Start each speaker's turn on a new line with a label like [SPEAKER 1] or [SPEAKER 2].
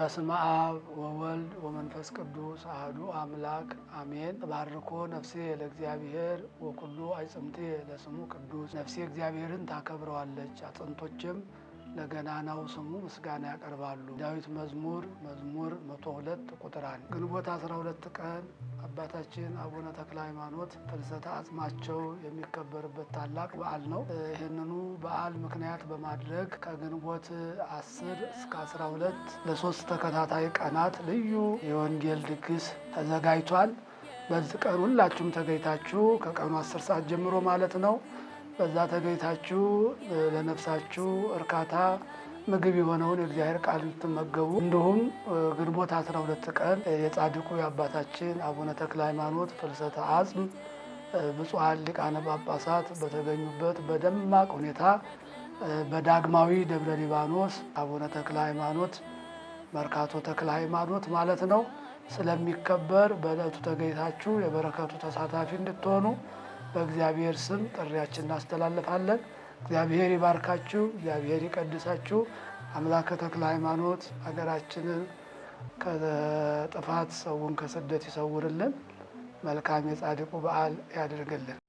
[SPEAKER 1] በስመ አብ ወወልድ ወመንፈስ ቅዱስ አህዱ አምላክ አሜን። ባርኮ ነፍሴ ለእግዚአብሔር ወኩሉ አዕጽምቴ ለስሙ ቅዱስ። ነፍሴ እግዚአብሔርን ታከብረዋለች፣ አጥንቶችም ለገናናው ስሙ ምስጋና ያቀርባሉ። ዳዊት መዝሙር መዝሙር 102 ቁጥር 1 ግንቦት 12 ቀን አባታችን አቡነ ተክለ ሃይማኖት ፍልሰተ አጽማቸው የሚከበርበት ታላቅ በዓል ነው። ይህንኑ በዓል ምክንያት በማድረግ ከግንቦት 10 እስከ 12 ለሶስት ተከታታይ ቀናት ልዩ የወንጌል ድግስ ተዘጋጅቷል። በዚህ ቀን ሁላችሁም ተገኝታችሁ ከቀኑ 10 ሰዓት ጀምሮ ማለት ነው። በዛ ተገኝታችሁ ለነፍሳችሁ እርካታ ምግብ የሆነውን የእግዚአብሔር ቃል እንድትመገቡ እንዲሁም ግንቦት 12 ቀን የጻድቁ የአባታችን አቡነ ተክለ ሃይማኖት ፍልሰተ አጽም ብፁዓን ሊቃነ ጳጳሳት በተገኙበት በደማቅ ሁኔታ በዳግማዊ ደብረ ሊባኖስ አቡነ ተክለ ሃይማኖት መርካቶ ተክለ ሃይማኖት ማለት ነው ስለሚከበር በዕለቱ ተገኝታችሁ የበረከቱ ተሳታፊ እንድትሆኑ በእግዚአብሔር ስም ጥሪያችን እናስተላልፋለን። እግዚአብሔር ይባርካችሁ፣ እግዚአብሔር ይቀድሳችሁ። አምላከ ተክለ ሃይማኖት ሀገራችንን ከጥፋት ሰውን ከስደት ይሰውርልን። መልካም የጻድቁ በዓል ያደርግልን